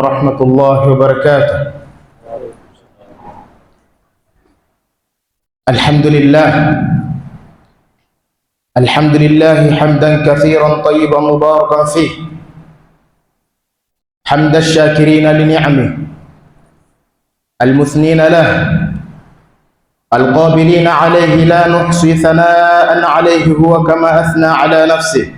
ورحمة الله وبركاته الحمد لله الحمد لله حمدا كثيرا طيبا مباركا فيه حمد الشاكرين لنعمه المثنين له القابلين عليه لا نحصي ثناء عليه هو كما أثنى على نفسه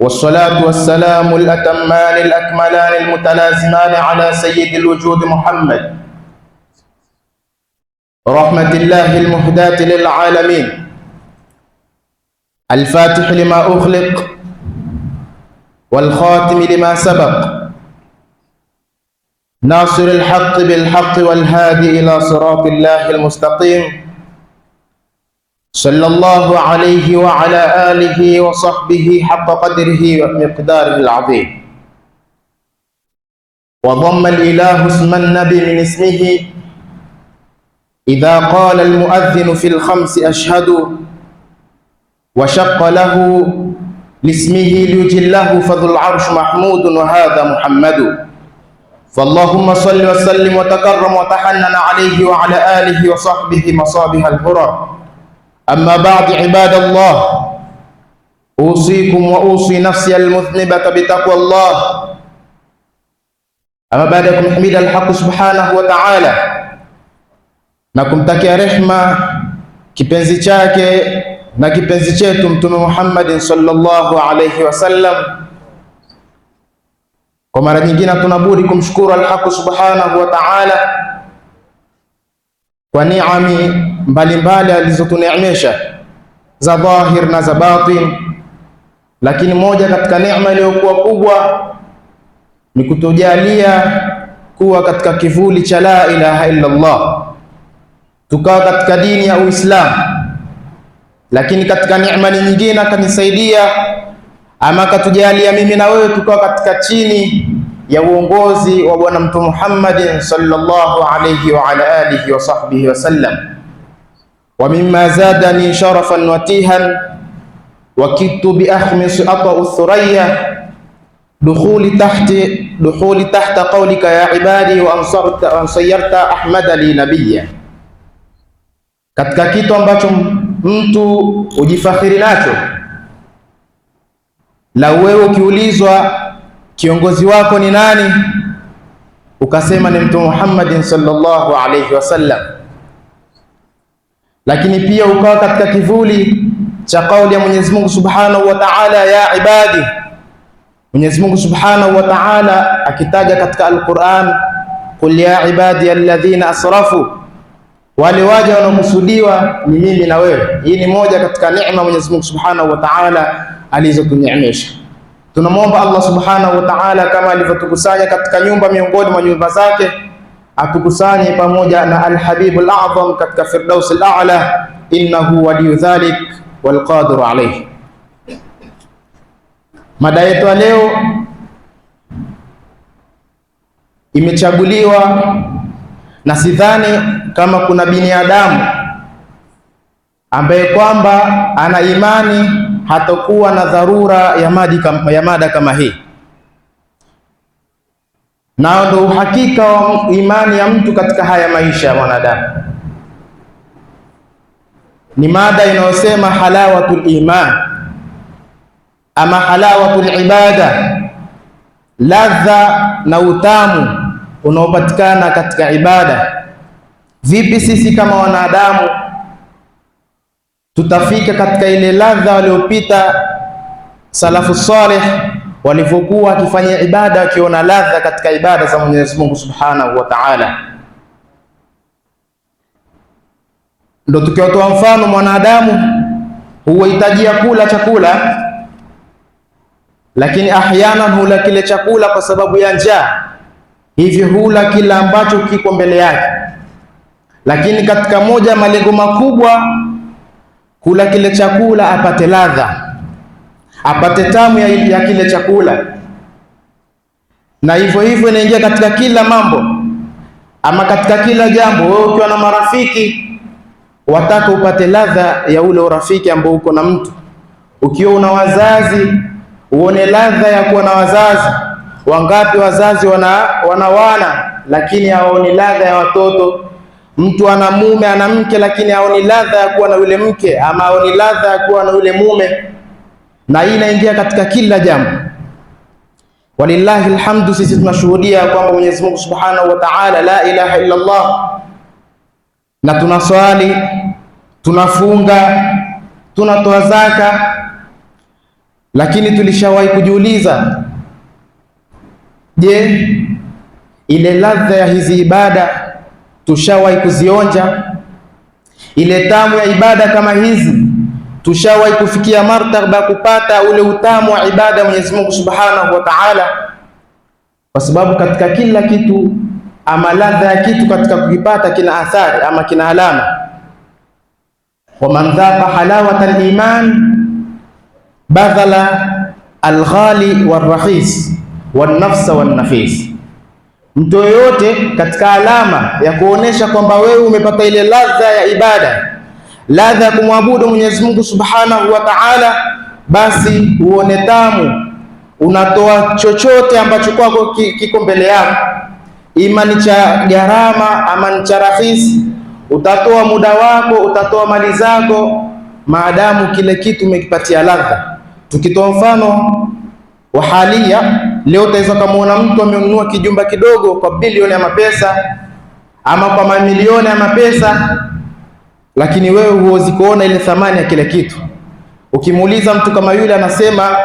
والصلاة والسلام الأتمان الأكملان المتلازمان على سيد الوجود محمد رحمة الله المهداة للعالمين الفاتح لما أخلق والخاتم لما سبق ناصر الحق بالحق والهادي إلى صراط الله المستقيم صلى الله عليه وعلى آله وصحبه حق قدره ومقداره العظيم وضم الإله اسم النبي من اسمه إذا قال المؤذن في الخمس أشهد وشق له لاسمه ليجله فذو العرش محمود وهذا محمد فاللهم صل وسلم وتكرم وتحنن عليه وعلى اله وصحبه مصابيح الغرر اما بعد عباد الله اوصيكم واوصي نفسي المذنبه بتقوى الله اما بعد احمد الحق سبحانه وتعالى ما نكمتك رحمه kipenzi chake na kipenzi chetu محمد صلى الله عليه وسلم Kwa mara nyingine tunabudi kumshukuru Alhaqu subhanahu wa ta'ala kwa niami mbalimbali alizotuneemesha za dhahir na za batin, lakini moja katika neema iliyokuwa kubwa ni kutujalia kuwa katika kivuli cha la ilaha illa Allah, tukawa katika dini ya Uislamu. Lakini katika neema nyingine akanisaidia ama katujalia mimi na wewe tukawa katika chini ya uongozi wa Bwana Mtume Muhammadin sallallahu alayhi wa ala alihi wa sahbihi wasallam. Wa mimma zadani sharafan watihan wa kitu bi ahmis ata thuraya dukhuli tahti dukhuli tahta qawlika ya ibadi wa ansarta wa ansayarta ahmada li nabiyya, katika kitu ambacho mtu ujifakhiri nacho Lau wewe ukiulizwa kiongozi wako ni nani, ukasema ni Mtume Muhammadin sallallahu alayhi wasallam, lakini pia ukawa katika kivuli cha kauli ya Mwenyezi Mungu subhanahu wa ta'ala, ya ibadi. Mwenyezi Mungu subhanahu wa ta'ala akitaja katika Al-Qur'an, qul ya ibadi alladhina asrafu, wale waja wanaokusudiwa ni mimi na wewe. Hii ni moja katika neema Mwenyezi Mungu subhanahu wa ta'ala alizotuneemesha. Tunamwomba Allah subhanahu wa ta'ala, kama alivyotukusanya katika nyumba miongoni mwa nyumba zake, atukusanye pamoja na al A'zam katika firdaus al-A'la, innahu waliyu dhalik wal qadiru alayhi. Mada yetu ya leo imechaguliwa na sidhani kama kuna binadamu ambaye kwamba ana imani hatakuwa na dharura ya maji ya mada kama hii, nao ndo uhakika wa imani ya mtu katika haya maisha ya mwanadamu. Ni mada inayosema halawatul iman ama halawatul ibada, ladha na utamu unaopatikana katika ibada. Vipi sisi kama wanadamu tutafika katika ile ladha waliopita salafu saleh walivyokuwa wakifanya ibada, wakiona ladha katika ibada za Mwenyezi Mungu Subhanahu wa Ta'ala. Ndio tukiwatoa mfano, mwanadamu huhitajia kula chakula, lakini ahyanan hula kile chakula kwa sababu ya njaa, hivyo hula kile ambacho kiko mbele yake, lakini katika moja malengo makubwa kula kile chakula apate ladha, apate tamu ya, ya kile chakula, na hivyo hivyo inaingia katika kila mambo ama katika kila jambo. Wewe ukiwa na marafiki wataka upate ladha ya ule urafiki ambao uko na mtu. Ukiwa una wazazi uone ladha ya kuwa na wazazi. Wangapi wazazi wana wana, wana lakini hawaoni ladha ya watoto Mtu ana mume ana mke, lakini haoni ladha ya kuwa na yule mke ama haoni ladha ya kuwa na yule mume, na hii inaingia katika kila jambo. Walillahi alhamdu, sisi tunashuhudia kwamba Mwenyezi Mungu Subhanahu wa Ta'ala, la ilaha illa Allah, na tunaswali, tunafunga, tunatoa zaka, lakini tulishawahi kujiuliza, je, ile ladha ya hizi ibada tushawahi kuzionja. Ile tamu ya ibada kama hizi tushawahi kufikia martaba ya kupata ule utamu wa ibada Mwenyezi Mungu Subhanahu wa Ta'ala, kwa sababu katika kila kitu ama ladha ya kitu katika kukipata kina athari ama kina alama. wa dhaqa halawata al-iman badhala al-ghali war-rakhis wan-nafsa wan-nafis Mtu yoyote katika alama ya kuonesha kwamba wewe umepata ile ladha ya ibada, ladha ya kumwabudu Mwenyezi Mungu Subhanahu wa Ta'ala, basi uone tamu, unatoa chochote ambacho kwako kiko mbele yako, ima ni cha gharama ama ni cha rahisi, utatoa muda wako, utatoa mali zako, maadamu kile kitu umekipatia ladha. Tukitoa mfano wa halia. Leo utaweza kumuona mtu amenunua kijumba kidogo kwa bilioni ya mapesa ama kwa mamilioni ya mapesa, lakini wewe huwezi kuona ile thamani ya kile kitu. Ukimuuliza mtu kama yule, anasema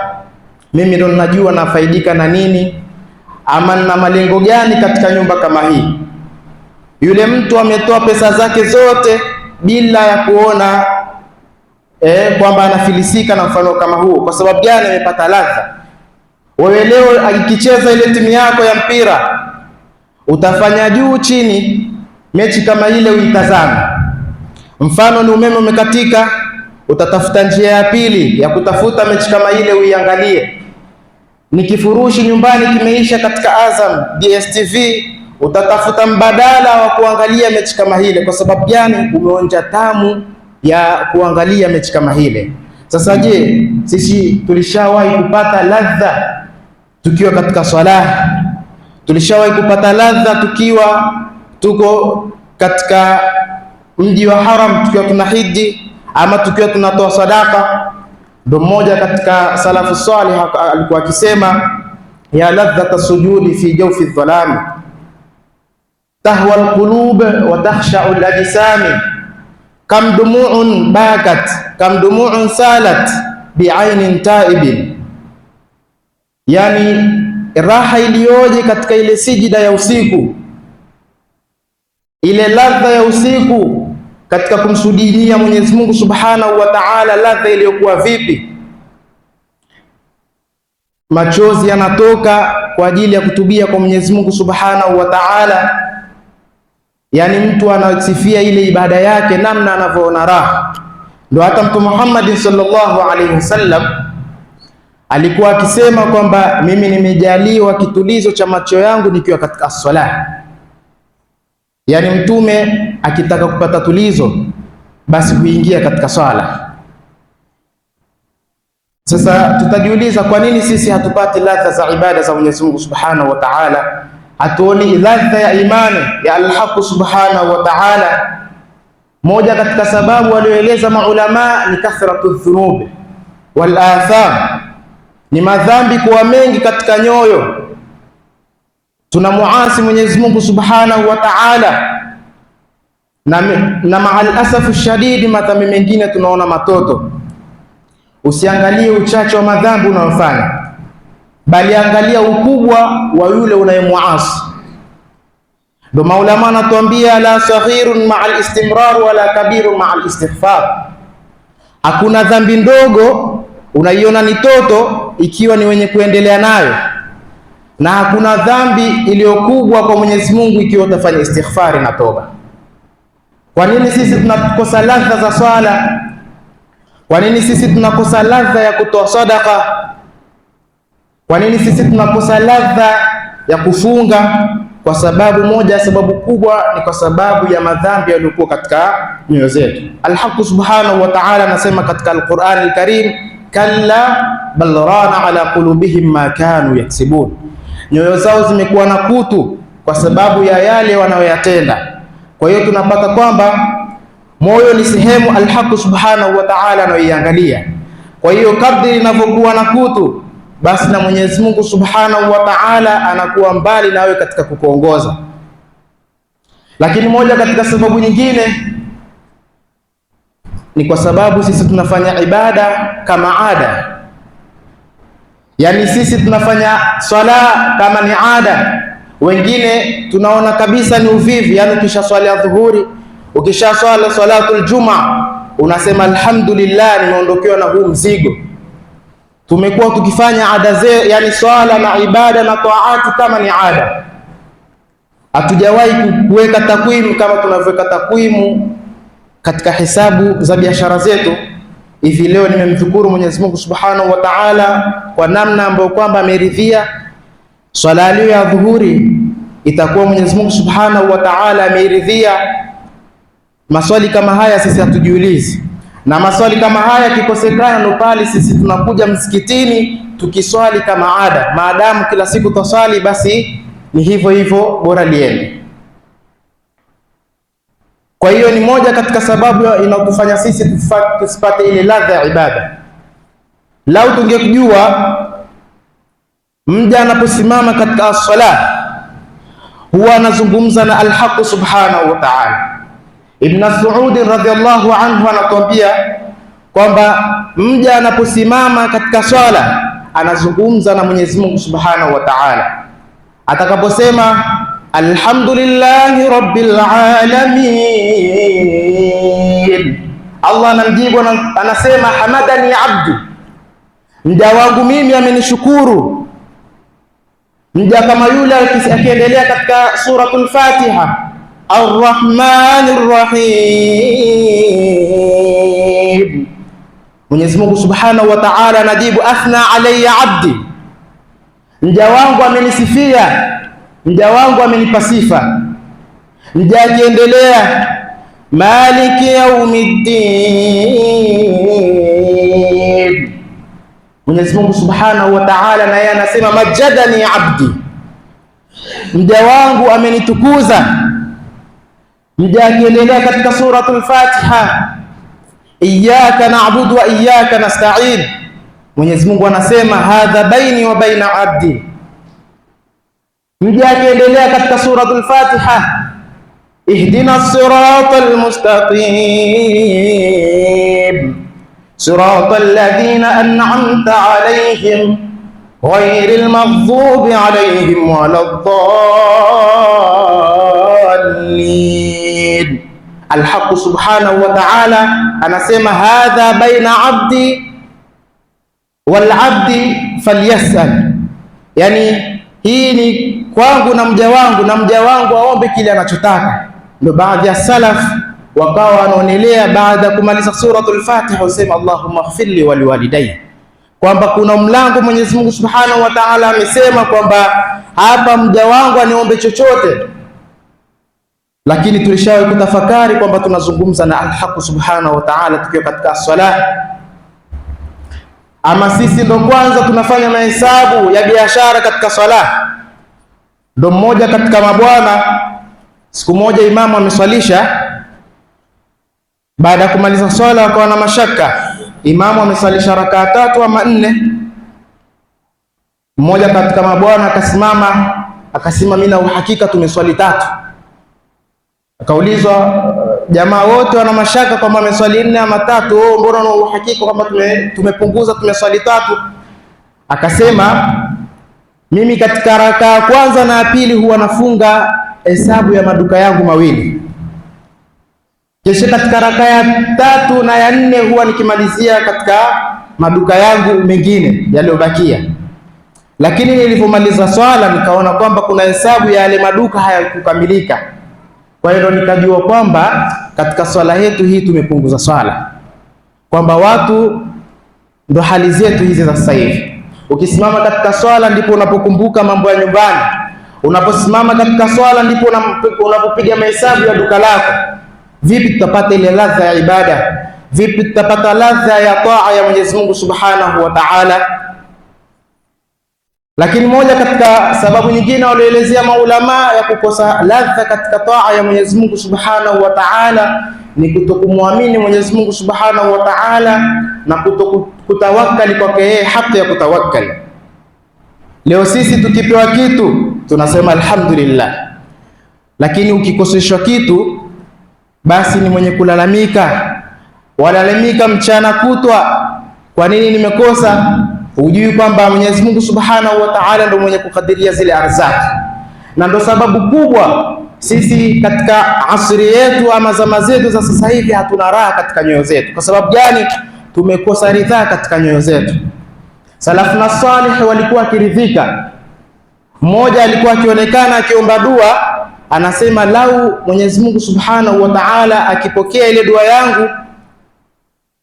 mimi ndo ninajua nafaidika na nini ama na malengo gani katika nyumba kama hii. Yule mtu ametoa pesa zake zote bila ya kuona eh, kwamba anafilisika na mfano kama huo. Kwa sababu gani? Amepata ladha wewe leo akikicheza ile timu yako ya mpira utafanya juu chini, mechi kama ile uitazame. Mfano ni umeme umekatika, utatafuta njia ya pili ya kutafuta mechi kama ile uiangalie. Ni kifurushi nyumbani kimeisha katika Azam DStv, utatafuta mbadala wa kuangalia mechi kama ile. Kwa sababu gani? Umeonja tamu ya kuangalia mechi kama ile. Sasa je, sisi tulishawahi kupata ladha tukiwa katika swala. Tulishawahi kupata ladha tukiwa tuko katika mji wa haram, tukiwa tuna hiji ama tukiwa tunatoa sadaka. Ndo mmoja katika salafu salih alikuwa akisema, ya ladhata sujudi fi jawfi dhalami tahwa alqulub wa tahsha alajsami kam dumuun bakat kam dumuun salat biainin taibin yani raha iliyoje katika ile sijida ya usiku, ile ladha ya usiku katika kumsujudia Mwenyezi Mungu Subhanahu wa Ta'ala, ladha iliyokuwa vipi? Machozi yanatoka kwa ajili ya kutubia kwa Mwenyezi Mungu Subhanahu wa Ta'ala. Yani mtu anasifia ile ibada yake namna anavyoona raha, ndio hata Mtume Muhammad sallallahu alaihi wasallam alikuwa akisema kwamba mimi nimejaliwa kitulizo cha macho yangu nikiwa katika swala. Yaani mtume akitaka kupata tulizo, basi huingia katika swala. Sasa tutajiuliza kwa nini sisi hatupati ladha za ibada za Mwenyezi Mungu Subhanahu wa Ta'ala, hatuoni ladha ya imani ya Al-Haq Subhanahu wa Ta'ala. Moja katika sababu walioeleza maulama ni kathratu dhunubi wal atham ni madhambi kuwa mengi katika nyoyo, muasi Mwenyezi Mungu Subhanahu wa Ta'ala, na, na maal asafu shadidi madhambi mengine tunaona matoto. Usiangalie uchache wa madhambi unayofanya, bali angalia ukubwa wa yule unayemuasi. Ndo maulama anatuambia la saghirun ma'al istimrar wala kabirun ma'al istighfar, hakuna dhambi ndogo unaiona ni toto ikiwa ni wenye kuendelea nayo, na hakuna dhambi iliyokubwa kwa Mwenyezi Mungu ikiwa utafanya istighfari na toba. Kwa nini sisi tunakosa ladha za swala? Kwa nini sisi tunakosa ladha ya kutoa sadaka? Kwa nini sisi tunakosa ladha ya kufunga? Kwa sababu moja sababu kubwa ni kwa sababu ya madhambi yaliyokuwa katika nyoyo zetu. Alhaq subhanahu wa ta'ala anasema katika Alqur'an Alkarim kalla bal rana ala qulubihim ma kanu yaksibun, nyoyo zao zimekuwa na kutu kwa sababu ya yale wanayoyatenda. Kwa hiyo tunapata kwamba moyo ni sehemu alhaqu subhanahu wa ta'ala anayoiangalia. Kwa hiyo kadri inavyokuwa na kutu, basi na Mwenyezi Mungu subhanahu wa ta'ala anakuwa mbali nawe katika kukuongoza. Lakini moja katika sababu nyingine ni kwa sababu sisi tunafanya ibada kama ada, yaani sisi tunafanya swala kama ni ada. Wengine tunaona kabisa ni uvivu, yaani ukisha swala ya dhuhuri, ukisha swala salatul juma, unasema alhamdulillah, nimeondokewa na huu mzigo. Tumekuwa tukifanya ada ze, yani swala na ibada na taati kama ni ada, hatujawahi kuweka takwimu kama tunavyoweka takwimu katika hesabu za biashara zetu. Hivi leo nimemshukuru Mwenyezi Mungu Subhanahu wa Ta'ala kwa namna ambayo kwamba ameridhia swala aliyo ya dhuhuri, itakuwa Mwenyezi Mungu Subhanahu wa Ta'ala ameridhia. Maswali kama haya sisi hatujiulizi, na maswali kama haya kikosekana, ndo pale sisi tunakuja msikitini tukiswali kama ada. Maadamu kila siku twaswali, basi ni hivyo hivyo, bora liende kwa hiyo ni moja katika sababu inayotufanya sisi tusipate ile ladha ya ibada. Lau tungekujua mja anaposimama katika as-sala huwa anazungumza na al-haq subhanahu wa ta'ala. Ibn Saud radhiyallahu anhu anatuambia kwamba mja anaposimama katika swala anazungumza na Mwenyezi Mungu subhanahu wa ta'ala, atakaposema alhamdulillahi rabbil alamin. Allah anamjibu anasema, hamadani abdi, mja wangu mimi amenishukuru. Mja kama yule akiendelea katika suratul Fatiha, arrahmanir rahim. Mwenyezi Mungu subhanahu wa ta'ala anajibu, athna alayya abdi, mja wangu amenisifia mja wangu amenipa sifa. Mja akiendelea maliki yaumiddin, Mwenyezi Mungu subhanahu wa taala naye anasema majadani abdi, mja wangu amenitukuza. Mja akiendelea katika suratul Fatiha, iyyaka na'budu wa iyyaka nasta'in, Mwenyezi Mungu anasema hadha baini wa baina abdi نجاني لليك التصورة الفاتحة اهدنا الصراط المستقيم صراط الذين أنعمت عليهم غير المغضوب عليهم ولا الضالين الحق سبحانه وتعالى أنا سيما هذا بين عبدي والعبد فليسأل يعني هي kwangu na mja wangu, na mja wangu aombe kile anachotaka. Ndio baadhi ya salaf wakawa wanaonelea baada ya kumaliza suratul Fatiha wasema Allahumma ighfirli wa liwalidayya, kwamba kuna mlango Mwenyezi Mungu Subhanahu wa Ta'ala amesema kwamba hapa mja wangu aniombe chochote, lakini tulishawahi kutafakari kwamba tunazungumza na Alhaq Subhanahu wa Ta'ala tukiwa katika swala ama sisi ndo kwanza tunafanya mahesabu ya biashara katika swala. Ndo mmoja katika mabwana, siku moja imamu ameswalisha. Baada ya kumaliza swala, wakawa na mashaka, imamu ameswalisha rakaa tatu ama nne. Mmoja katika mabwana akasimama, akasema mimi na uhakika tumeswali tatu. Akaulizwa, jamaa wote wana mashaka kwamba ameswali nne ama tatu, mbona una uhakika kwamba tumepunguza tumeswali tatu? Akasema mimi katika raka ya kwanza na ya pili huwa nafunga hesabu ya maduka yangu mawili, kisha katika raka ya tatu na ya nne huwa nikimalizia katika maduka yangu mengine yaliyobakia. Lakini nilivyomaliza swala nikaona kwamba kuna hesabu ya yale maduka hayakukamilika, kwa hiyo nikajua kwamba katika swala yetu hii tumepunguza swala, kwamba watu ndo hali zetu hizi za sasa hivi Ukisimama katika swala ndipo unapokumbuka mambo ya nyumbani. Unaposimama katika swala ndipo unapopiga mahesabu ya duka lako. Vipi tutapata ile ladha ya ibada? Vipi tutapata ladha ya taa ya Mwenyezi Mungu Subhanahu wa Ta'ala? Lakini moja katika sababu nyingine walioelezea maulama ya kukosa ladha katika taa ya Mwenyezi Mungu Subhanahu wa Ta'ala ni kutokumwamini Mwenyezi Mungu Subhanahu wa Ta'ala na kutoku kutawakkali kwake yeye haki ya kutawakkali. Leo sisi tukipewa kitu tunasema alhamdulillah, lakini ukikoseshwa kitu basi ni mwenye kulalamika, walalamika mchana kutwa, kwa nini nimekosa? Hujui kwamba Mwenyezi Mungu Subhanahu wa Ta'ala ndo mwenye kukadiria zile arzaki, na ndo sababu kubwa sisi katika asri yetu ama zama zetu za sasa hivi hatuna raha katika nyoyo zetu. Kwa sababu gani? tumekosa ridhaa katika nyoyo zetu. na salih walikuwa akiridhika. Mmoja alikuwa akionekana akiomba dua, anasema lau Mwenyezi Mungu Subhanahu wa Ta'ala akipokea ile dua yangu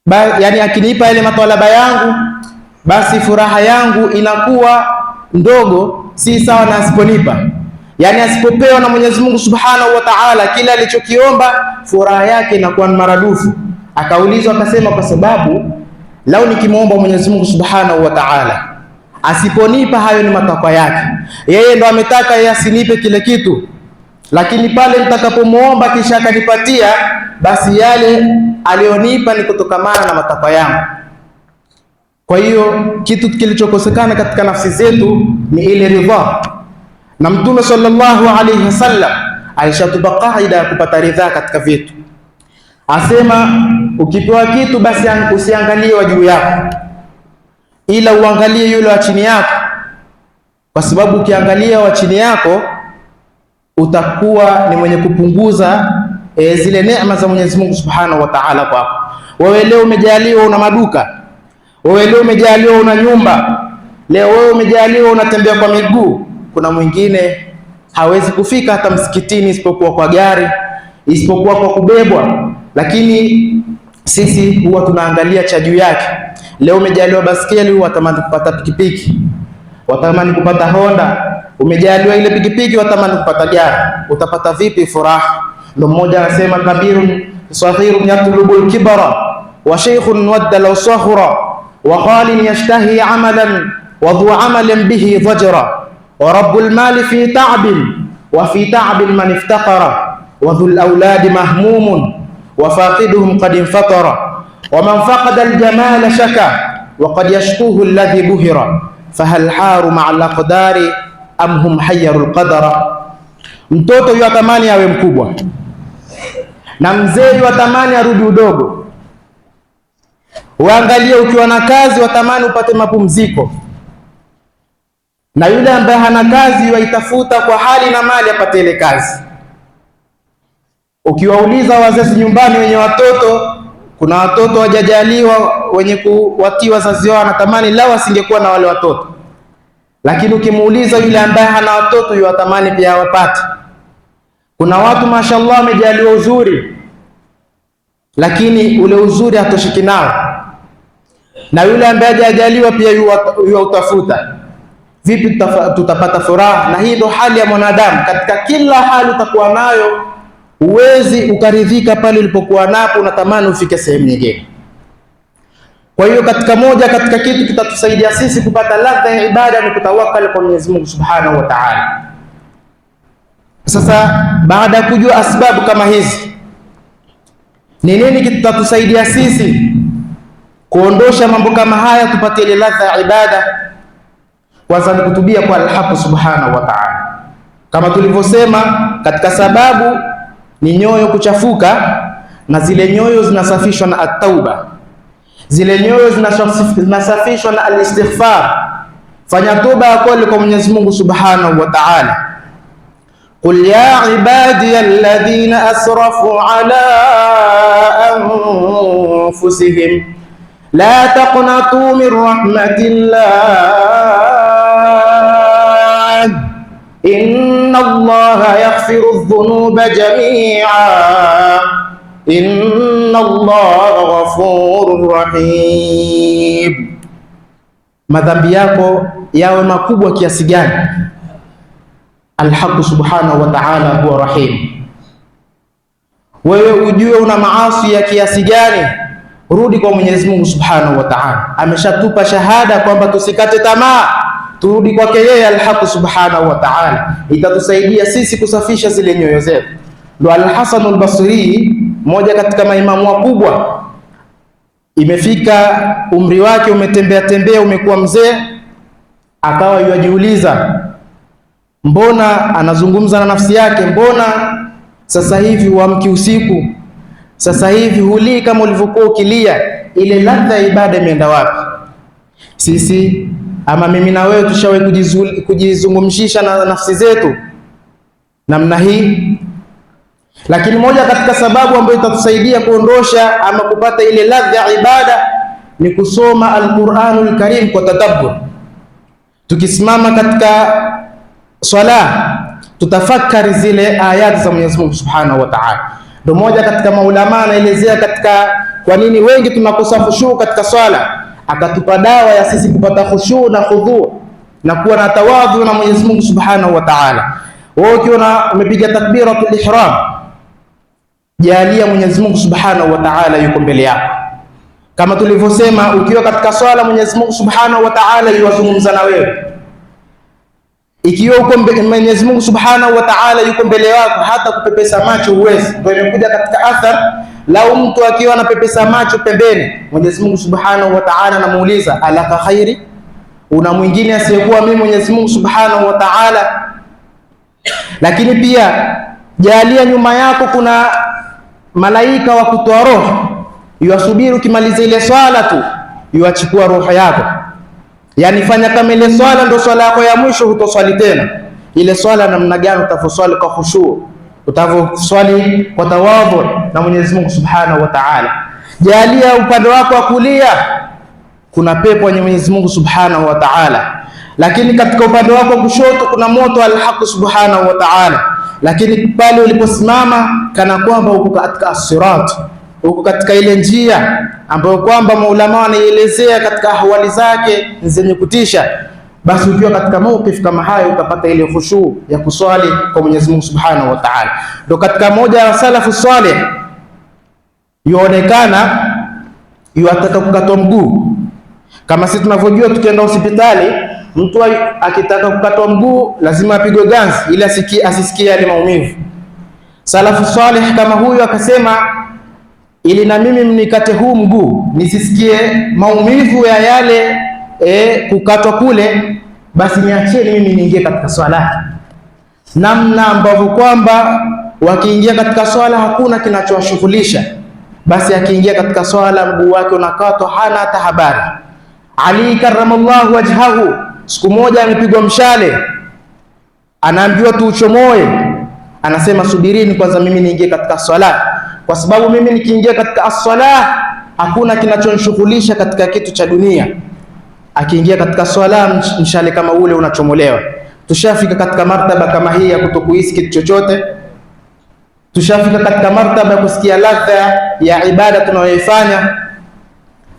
ba, yani akinipa ile matalaba yangu, basi furaha yangu inakuwa ndogo, si sawa na asiponipa. Yani asipopewa na Mwenyezi Mungu Subhanahu wa Ta'ala kila alichokiomba, furaha yake inakuwa maradufu. Akaulizwa akasema, kwa sababu lau nikimwomba Mwenyezi Mungu Subhanahu wa Ta'ala asiponipa, hayo ni matakwa yake, yeye ndo ametaka yeye asinipe kile kitu, lakini pale nitakapomwomba kisha akanipatia, basi yale aliyonipa ni kutokamana na matakwa yangu. Kwa hiyo kitu kilichokosekana katika nafsi zetu ni ile ridha, na Mtume sallallahu alaihi wasallam alishatupa kaida ya kupata ridha katika vitu Asema ukipewa kitu basi usiangalie wa juu yako, ila uangalie yule wa chini yako, kwa sababu ukiangalia wa chini yako utakuwa ni mwenye kupunguza e, zile neema za Mwenyezi Mungu Subhanahu wa Ta'ala kwako wewe. Leo umejaliwa una maduka, wewe leo umejaliwa una nyumba, leo wewe umejaliwa unatembea kwa miguu. Kuna mwingine hawezi kufika hata msikitini isipokuwa kwa gari, isipokuwa kwa kubebwa lakini sisi huwa tunaangalia cha juu yake. Leo umejaliwa baskeli, watamani kupata pikipiki, watamani kupata Honda. Umejaliwa ile pikipiki, watamani kupata gari. Utapata vipi furaha? Ndio mmoja anasema kabirun saghirun yatlubu al wa shaykhun wadda law sahura wa khalin yashtahi amalan wa dhu amalin bihi dhajra wa rabbul mali fi ta'bin wa fi ta'bin man iftaqara wa dhul awladi mahmumun wafaqiduhum qad infatara man faqada aljamala shaka qad yashkuhu alladhi buhira fahal haru maa laqdari am hum hayaru lqadara. Mtoto yuatamani awe mkubwa na mzee yuatamani arudi udogo. Waangalie ukiwa na kazi watamani upate mapumziko, na yule ambaye hana kazi waitafuta kwa hali na mali apate ile kazi. Ukiwauliza wazazi nyumbani wenye watoto, kuna watoto wajajaliwa wenye kuwatii wazazi wao, anatamani lao wasingekuwa na wale watoto, lakini ukimuuliza yule ambaye hana watoto, yeye atamani pia awapate. Kuna watu mashallah wamejaliwa uzuri, lakini ule uzuri hatoshiki nao, na yule ambaye hajajaliwa pia yuwa utafuta Vipi tutapata furaha? Na hii ndo hali ya mwanadamu, katika kila hali utakuwa nayo huwezi ukaridhika pale ulipokuwa napo, unatamani ufike sehemu nyingine. Kwa hiyo katika moja katika kitu kitatusaidia sisi kupata ladha ya ibada ni kutawakal kwa Mwenyezi Mungu Subhanahu wa Ta'ala. Sasa baada ya kujua asbabu kama hizi, ni nini kitatusaidia sisi kuondosha mambo kama haya, tupate ile ladha ya ibada? Kwanza ni kutubia kwa Allah Subhanahu wa Ta'ala, kama tulivyosema katika sababu ni nyoyo kuchafuka, na zile nyoyo zinasafishwa na at zile nyoyo zinasafishwa na al Fanya toba yako kwa Mwenyezi Mungu Subhanahu wa Ta'ala. Qul ya ibadiya alladhina asrafu ala anfusihim la taqnatu min rahmatillah الله يغفر الذنوب جميعا إن الله غفور rahim. Madhambi yako yawe makubwa kiasi gani, Alhaqu subhanahu wa ta'ala huwa rahim. Wewe ujue una maasi ya kiasi gani, rudi kwa Mwenyezi Mungu subhanahu wa ta'ala. Ameshatupa shahada kwamba tusikate tamaa turudi kwake yeye alhaqu subhanahu wa ta'ala, itatusaidia sisi kusafisha zile nyoyo zetu. Ndo Alhasanu Albasri, moja katika maimamu wakubwa, imefika umri wake umetembea tembea, umekuwa mzee, akawa yajiuliza, mbona anazungumza na nafsi yake, mbona sasa hivi huamki usiku, sasa hivi hulii kama ulivyokuwa ukilia, ile ladha ya ibada imeenda wapi? Sisi ama mimi na wewe tushawe kujizungumshisha na nafsi zetu namna hii. Lakini moja katika sababu ambayo itatusaidia kuondosha ama kupata ile ladha ya ibada ni kusoma al Karim kwa tadabbur. Tukisimama katika swala tutafakari zile ayati za Mwenyezi Mungu Subhanahu wa Ta'ala. Ndio moja katika maulama anaelezea katika kwa nini wengi tunakosa khushu katika swala akatupa dawa ya sisi kupata khushu na khudhu na kuwa na tawadhu na Mwenyezi Mungu Subhanahu wa Ta'ala. Wewe ukiona umepiga takbiratul ihram, jalia Mwenyezi Mungu Subhanahu wa Ta'ala yuko mbele yako. Kama tulivyosema, ukiwa katika swala Mwenyezi Mungu Subhanahu wa Ta'ala yuwazungumza na wewe. Ikiwa uko Mwenyezi Mungu Subhanahu wa Ta'ala yuko mbele yako, hata kupepesa macho huwezi. Ndio imekuja katika athar Lau mtu akiwa anapepesa macho pembeni, Mwenyezi Mungu Subhanahu wa Ta'ala anamuuliza alaka khairi, una mwingine asiyekuwa mimi Mwenyezi Mungu Subhanahu wa Ta'ala. Lakini pia jalia nyuma yako kuna malaika wa kutoa roho, yuwasubiri ukimaliza ile swala tu, yuachukua roho yako. Yani fanya kama ile swala ndio swala yako ya mwisho, hutoswali tena ile swala. Namna gani utafuswali kwa khushu utakavyoswali kwa tawadhu na Mwenyezi Mungu Subhanahu wa Ta'ala. Jalia upande wako wa kulia kuna pepo ya Mwenyezi Mungu Subhanahu wa Ta'ala, lakini katika upande wako wa kushoto kuna moto al-haq Subhanahu wa Ta'ala, lakini pale uliposimama kana kwamba uko katika as-sirat, uko katika ile njia ambayo kwamba maulama wanaielezea katika ahwali zake zenye kutisha basi ukiwa katika maukifu kama hayo utapata ile khushu ya kuswali kwa Mwenyezi Mungu Subhanahu wa Ta'ala. Ndio katika moja ya salafu salih yuonekana yuataka kukatwa mguu, kama sisi tunavyojua, tukienda hospitali mtu akitaka kukatwa mguu lazima apigwe ganzi ili asikie asisikie yale maumivu. Salafu salih kama huyu akasema, ili na mimi mnikate huu mguu nisisikie maumivu ya yale e, kukatwa kule, basi niacheni mimi niingie katika swala, namna ambavyo kwamba wakiingia katika swala hakuna kinachowashughulisha. Basi akiingia katika swala mguu wake unakatwa, hana hata habari. Ali karamallahu wajhahu, siku moja amepigwa mshale, anaambiwa tuuchomoe, anasema subirini kwanza mimi niingie katika swala, kwa sababu mimi nikiingia katika aswala hakuna kinachonishughulisha katika kitu cha dunia akiingia katika swala mshale kama ule unachomolewa. Tushafika katika martaba kama hii ya kutokuhisi kitu chochote, tushafika katika martaba ya kusikia ladha ya ibada tunayoifanya.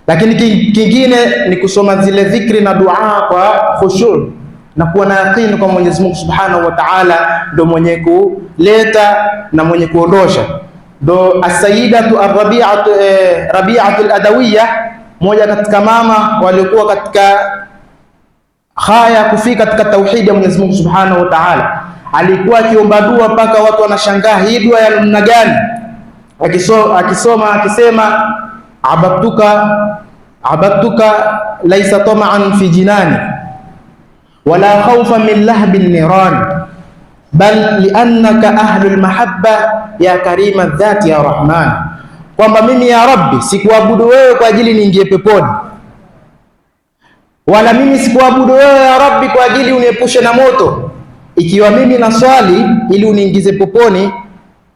Lakini kingine ni kusoma zile dhikri na dua kwa khushu na kuwa na yaqini kwa Mwenyezi Mungu Subhanahu wa Ta'ala, ndo mwenye kuleta na mwenye kuondosha, ndo asayidatu arabiatu eh, rabiatu aladawiya moja katika mama waliokuwa katika haya kufika katika tauhidi ya Mwenyezi Mungu Subhanahu wa Ta'ala, alikuwa akiomba dua mpaka watu wanashangaa hii dua ya namna gani? Akisoma akisoma akisema, abadtuka abadtuka laisa tamaan fi jinani wala khawfan min lahbi niran bal liannaka ahlul mahabba ya karima dhati ya rahman kwamba mimi ya Rabbi, sikuabudu wewe kwa ajili niingie peponi, wala mimi sikuabudu wewe ya Rabbi kwa ajili uniepushe na moto. Ikiwa mimi na swali ili uniingize peponi,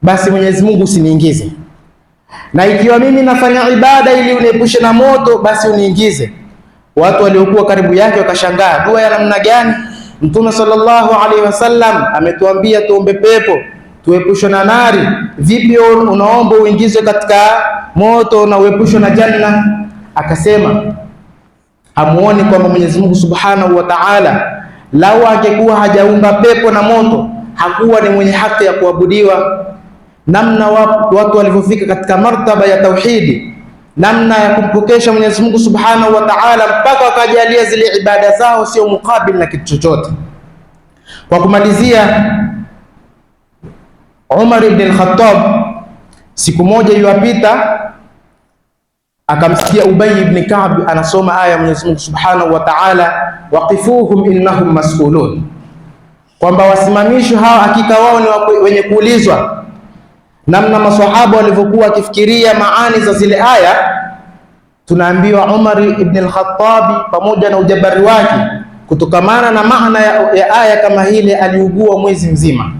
basi Mwenyezi Mungu usiniingize, na ikiwa mimi nafanya ibada ili uniepushe na moto, basi uniingize. Watu waliokuwa karibu yake wakashangaa, dua ya namna gani? Mtume sallallahu alaihi wasallam ametuambia tuombe pepo tuepushwe na nari. Vipi unaomba uingizwe katika moto na uepushwe na janna? Akasema hamuoni kwamba Mwenyezi Mungu Subhanahu wa Ta'ala, lau angekuwa hajaumba pepo na moto, hakuwa ni mwenye haki ya kuabudiwa. Namna watu walivyofika katika martaba ya tauhidi, namna ya kumpokesha Mwenyezi Mungu Subhanahu wa Ta'ala, mpaka wakajalia zile ibada zao sio mukabil na kitu chochote. Kwa kumalizia Umar ibn Khattab siku moja iliyopita akamsikia Ubay ibn Ka'b anasoma aya ya Mwenyezi Mungu Subhanahu wa Ta'ala, waqifuhum innahum mas'ulun, kwamba wasimamishwe hawa, hakika wao ni wenye kuulizwa. Namna maswahaba walivyokuwa wakifikiria maani za zile aya, tunaambiwa Umar ibn al-Khattab pamoja na ujabari wake, kutokamana na maana ya, ya aya kama hile, aliugua mwezi mzima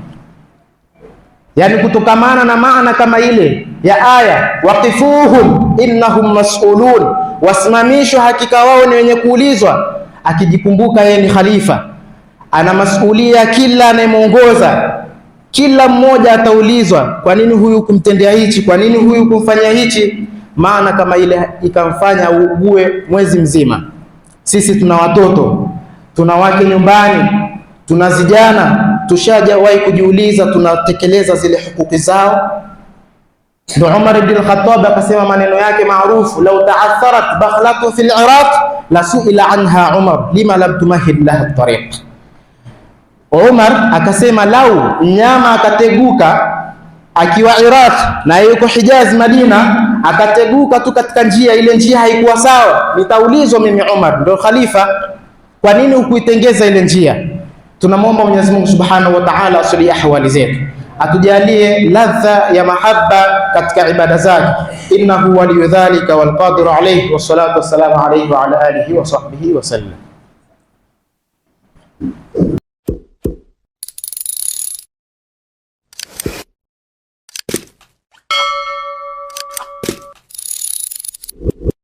Yani kutokamana na maana kama ile ya aya waqifuhum innahum mas'ulun, wasimamishwa hakika wao ni wenye kuulizwa. Akijikumbuka yeye ni khalifa, ana masulia kila anayemwongoza, kila mmoja ataulizwa, kwa nini huyu kumtendea hichi? Kwa nini huyu kumfanyia hichi? Maana kama ile ikamfanya ugue mwezi mzima. Sisi tuna watoto, tuna wake nyumbani, tuna vijana tushajawahi kujiuliza tunatekeleza zile hukuki zao. ndo Umar ibn khattab akasema maneno yake maarufu, lau taatharat bakhlatu fil Iraq la suila anha Umar lima lam tumahid laha tariq. Umar akasema lau nyama akateguka akiwa Iraq na yuko Hijaz Madina, akateguka tu katika njia ile, njia haikuwa sawa, nitaulizwa mimi Umar, ndo khalifa, kwa nini ukuitengeza ile njia Tunamwomba Mwenyezi Mungu Subhanahu wa Ta'ala asulie ahwali zetu, atujalie ladha ya mahaba katika ibada zake. Innahu waliyu dhalika walqadiru alayhi wa salatu wassalamu alayhi wa ala alihi wa sahbihi wa sallam.